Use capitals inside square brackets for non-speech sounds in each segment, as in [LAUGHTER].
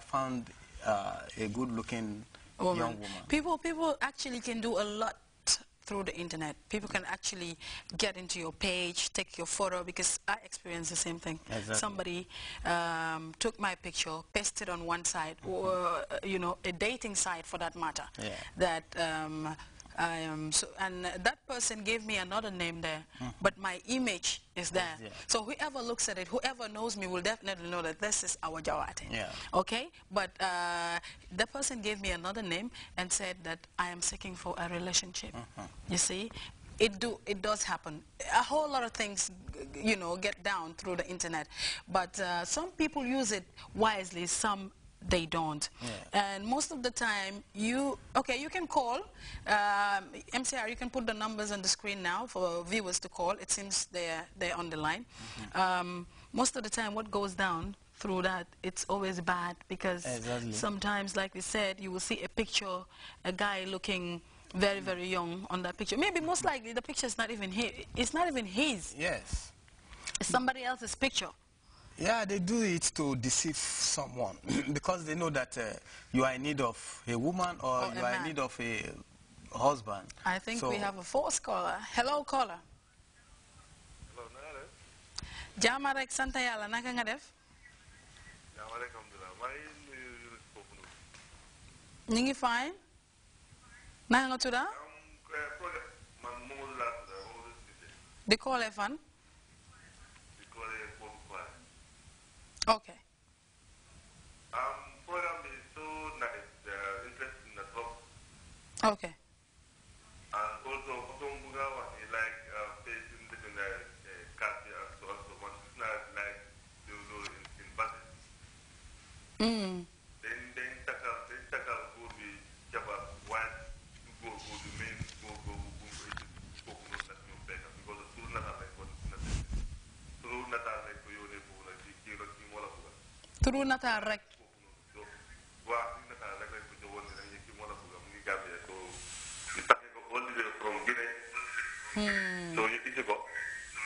found uh, a good-looking young woman. People, people actually can do a lot through the internet. People can actually get into your page, take your photo, because I experienced the same thing. Exactly. Somebody um, took my picture, pasted on one side, mm -hmm. or, uh, you know, a dating site for that matter, yeah. that um, am so, and that person gave me another name there, mm. but my image is there. So whoever looks at it, whoever knows me will definitely know that this is our Jawati. Yeah. Okay? But uh, the person gave me another name and said that I am seeking for a relationship. Mm -hmm. You see? It, do, it does happen. A whole lot of things, you know, get down through the internet. But uh, some people use it wisely, some they don't. Yeah. And most of the time, you, okay, you can call. Um, MCR, you can put the numbers on the screen now for viewers to call. It seems they're, they're on the line. Mm -hmm. um, most of the time, what goes down through that, it's always bad because exactly. sometimes, like we said, you will see a picture, a guy looking very, mm. very young on that picture. Maybe most mm. likely the picture is not even his. It's not even his. Yes. It's somebody else's picture. Yeah, they do it to deceive someone [CLEARS THROAT] because they know that uh, you are in need of a woman or, or you are man. in need of a husband. I think so we have a fourth caller. Hello, caller. Hello, Nara. Jamarek rek santa yalla naka nga def? Jama rek alhamdulillah. May nuyu fine? Naka nga tudda? Eh, man mo caller fan? Okay. Um, program is so nice, uh, interesting the talk. Okay. And also, Otombuga one like uh, facing different uh, culture, so also one is not like you in, in Mm. turu nataal rek. soo ñu isi ko.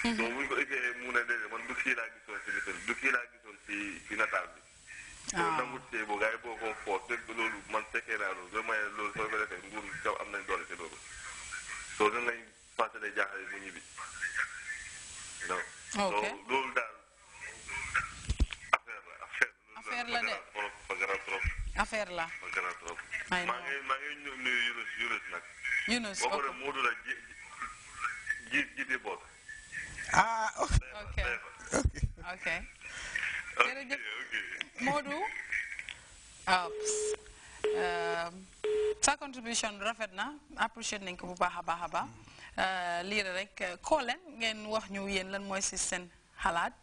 Hmm. soo buñ ko isee mu ne déedéet man du kii laa gisoon si lifin du kii laa gisoon si si nataal bi. waaw soo ah. nangu see boo gars yi boo loolu man fekkee naa loolu loolu soo ko defee nguur kaw am nañ doole si loolu. soo gën lañ fàttali jaaxle mu ñibbi. ok donc Yunus nag. Yunus boo ko def Moodu la ji ji ji di boot. ah ok ok. Okay. jërëjëf Moodu. Um, sa contribution rafet na appreciate nañ ko bu baax a baax a baax uh, lii rek koo uh, leen ngeen wax ñu yéen lan mooy si seen xalaat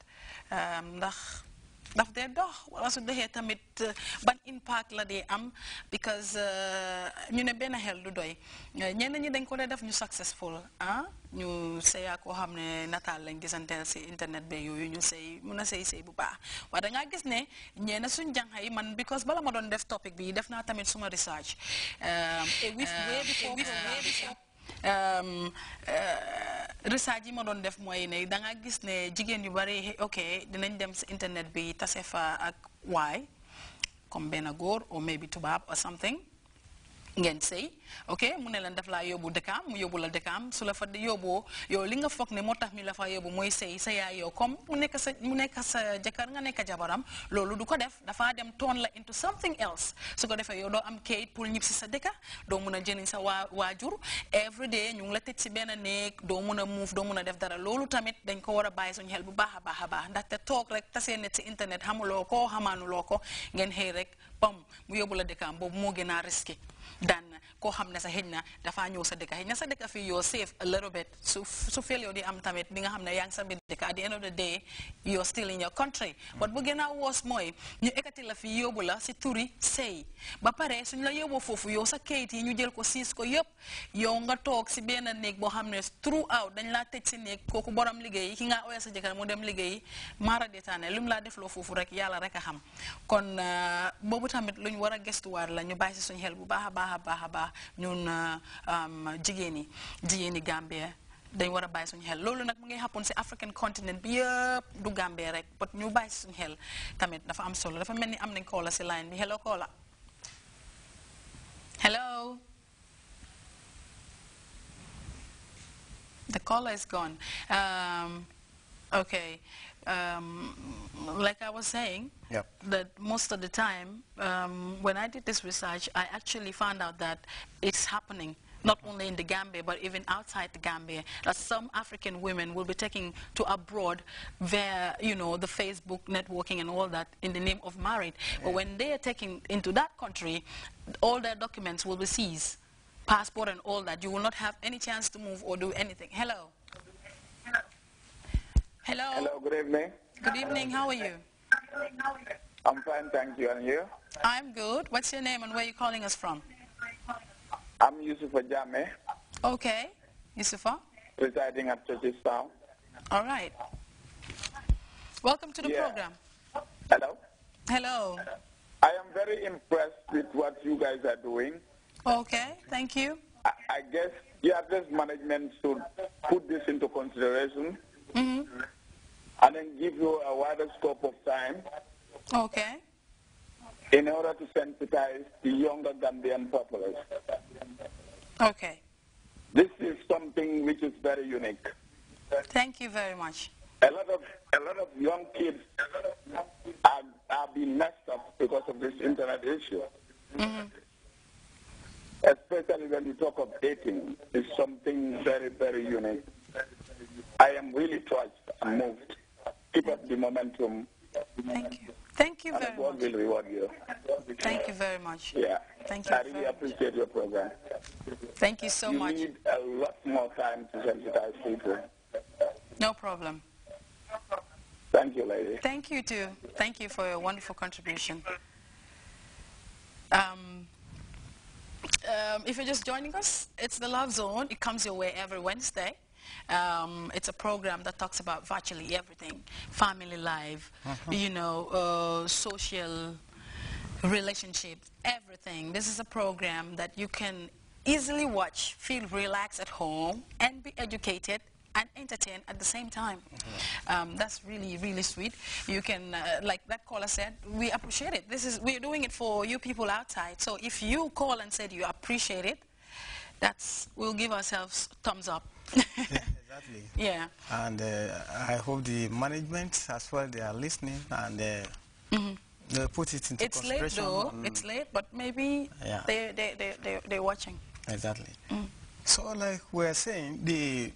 um, ndax daf dee dox wala su tamit eh, ban impact la am because eh, ñu ne du doy ñi dañ ko def ñu successful ah, ñu gisante internet be ñu sey sey sey bu gis ne man because bala ma def topic bi def tamit suma research eh, Ehm, eh, research yi ma doon def mooy ne da nga gis ne jigéen yu bari ok dinañ dem si internet bi tase fa ak waay comme benn góor or bi tubaab or something ngeen sëy ok mu ne leen def laa yóbbu dëkkaam mu yóbbu la dëkkaam su la fa yóbboo yow li nga foog ne moo tax mi la fa yóbbu mooy sëy sa yaay yow comme mu nekk sa mu nekk sa jëkkër nga nekk jabaram loolu du ko def dafaa dem toon la into something else su ko defee yow doo am kayit pour ñib si sa dëkka doo mun a jëriñ sa waa waajur every day ñu ngi la tëj si benn néeg doo mun a muuf doo mun a def dara loolu tamit dañ ko war a bàyyi suñu xel bu baax a baax a baax ndaxte toog rek tasee net si internet xamuloo ko xamaanuloo ko ngeen xëy rek bam mu yóbbu la dëkkaam boobu moo gën a risqué daan koo xam ne sa xëj na dafaa ñëw sa dëkka xëj na sa dëkka fii yoo safe a little bit su feel yoo di am tamit di nga xam ne yaa ngi sa biir dëkka at the end of the day you're still in your country but bu gën a woos mooy ñu ekkati la fii yóbbu la si turi sey ba pare suñ la yóbboo foofu yow sa kayit yi ñu jël ko siis ko yëpp yow nga toog si benn néeg boo xam ne throughout dañ laa tëj si néeg kooku borom liggéey ki nga ooyee sa jëkkër mu dem liggéey maara detaane lu laa defloo foofu rek yàlla rek a xam ah, boobu war la ñu xel bu baax ñun Gambia dañ xel mu African continent bi du Gambia rek but ñu xel tamit dafa am solo dafa am nañ line bi hello hello the caller is gone um, okay um, like I was saying, yep. that most of the time um, when I did this research, I actually found out that it's happening not only in the Gambia, but even outside the Gambia, that some African women will be taking to abroad via you know, the Facebook networking and all that in the name of marriage. Yeah. But when they are taken into that country, all their documents will be seized, passport and all that. You will not have any chance to move or do anything. Hello evening. Good evening. How are you? I'm fine, thank you. And you? I'm good. What's your name and where are you calling us from? I'm Yusufa Jame. Okay. Yusufa? Residing at Churches Town. All right. Welcome to the yeah. program. Hello? Hello. I am very impressed with what you guys are doing. Okay, thank you. I, I guess the address management should put this into consideration. Mm -hmm and then give you a wider scope of time. Okay. In order to sensitize the younger Gambian populace. Okay. This is something which is very unique. Thank you very much. A lot of a lot of young kids are, are being messed up because of this internet issue. Mm -hmm. Especially when you talk of dating, it's something very, very unique. I am really touched and moved momentum. Thank you. Thank you and very God much. God will reward you. Thank you very much. Yeah. Thank you. I really appreciate much. your program. Thank you so you much. You need a lot more time to sensitize people. No problem. Thank you, lady. Thank you, too. Thank you for your wonderful contribution. Um, um, if you're just joining us, it's the Love Zone. It comes your way every Wednesday. Um, it's a program that talks about virtually everything, family life, uh -huh. you know, uh, social relationships, everything. This is a program that you can easily watch, feel relaxed at home, and be educated and entertain at the same time. Mm -hmm. um, that's really, really sweet. You can, uh, like that caller said, we appreciate it. This is We're doing it for you people outside. So if you call and said you appreciate it, that's we'll give ourselves thumbs up. [LAUGHS] exactly. Yeah. And uh, I hope the management as well they are listening and uh, mm -hmm. they put it into it's late though. Mm. It's late, but maybe yeah. they they they they they're watching. Exactly. Mm. So like we're saying, the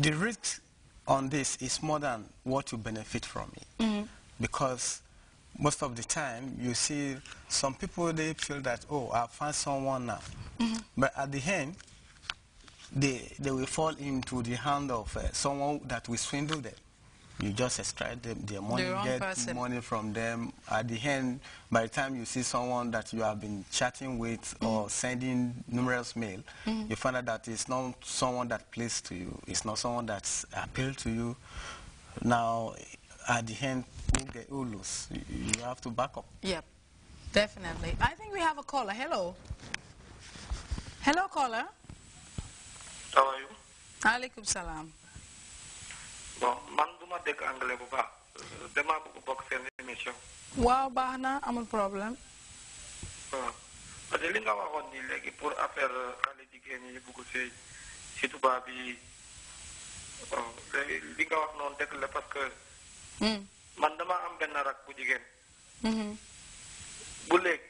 the risk on this is more than what you benefit from it, mm -hmm. because most of the time you see some people they feel that oh I found someone now, mm -hmm. but at the end they they will fall into the hand of uh, someone that will swindle them. You just extract them, their money, the get person. money from them. At the end, by the time you see someone that you have been chatting with mm -hmm. or sending numerous mail, mm -hmm. you find out that it's not someone that plays to you. It's not someone that's appealed to you. Now, at the end, get You have to back up. Yep, definitely. I think we have a caller. Hello. Hello, caller. How are you? Alaikum salam. bon man du ma dégg anglais bu baax na amul problème. waaw ah, parce que li nga waxoon nii man dama am benn rak bu jigéen mm-hmm. bu léeg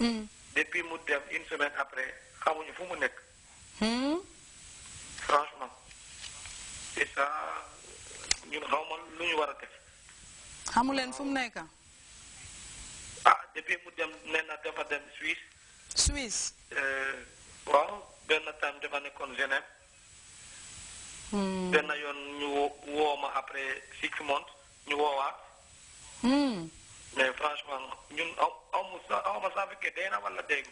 mm-hmm. depuis mu dem une semaine après xamuñu fu mu nekk mm-hmm. franchement c'est ça ñun xaw lu ñu war a def xamu leen fu mu nekk ah depuis mu dem nee na dafa dem Suisse Suisse euh, waaw benn temps dafa nekkoon Genève benn yoon ñu woo ma après six mois ñu woowaat. Hmm. mais franchement ñun aw aw ma saa aw ma saa fekkee dee na wala dégg.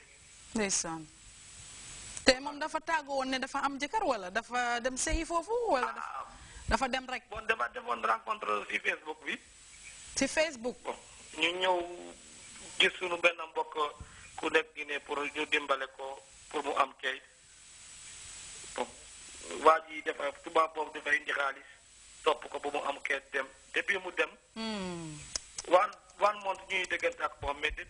ndeysaan te moom dafa tàggoo woon ne dafa am jëkkër wala dafa dem sëyi foofu wala. Ah, dafa dem rek. bon dafa defoon rencontre si Facebook bi. si Facebook. ñu ñëw gis suñu benn mbokk ku nekk Guinée pour ñu dimbale ko pour mu am ceeb bon waa ji dafa tubaab boobu dafay indi xaalis. sopp ko ba mu am kees dem depuis mu dem. Hmm. one one month ñuy déggante ak moom mais :fra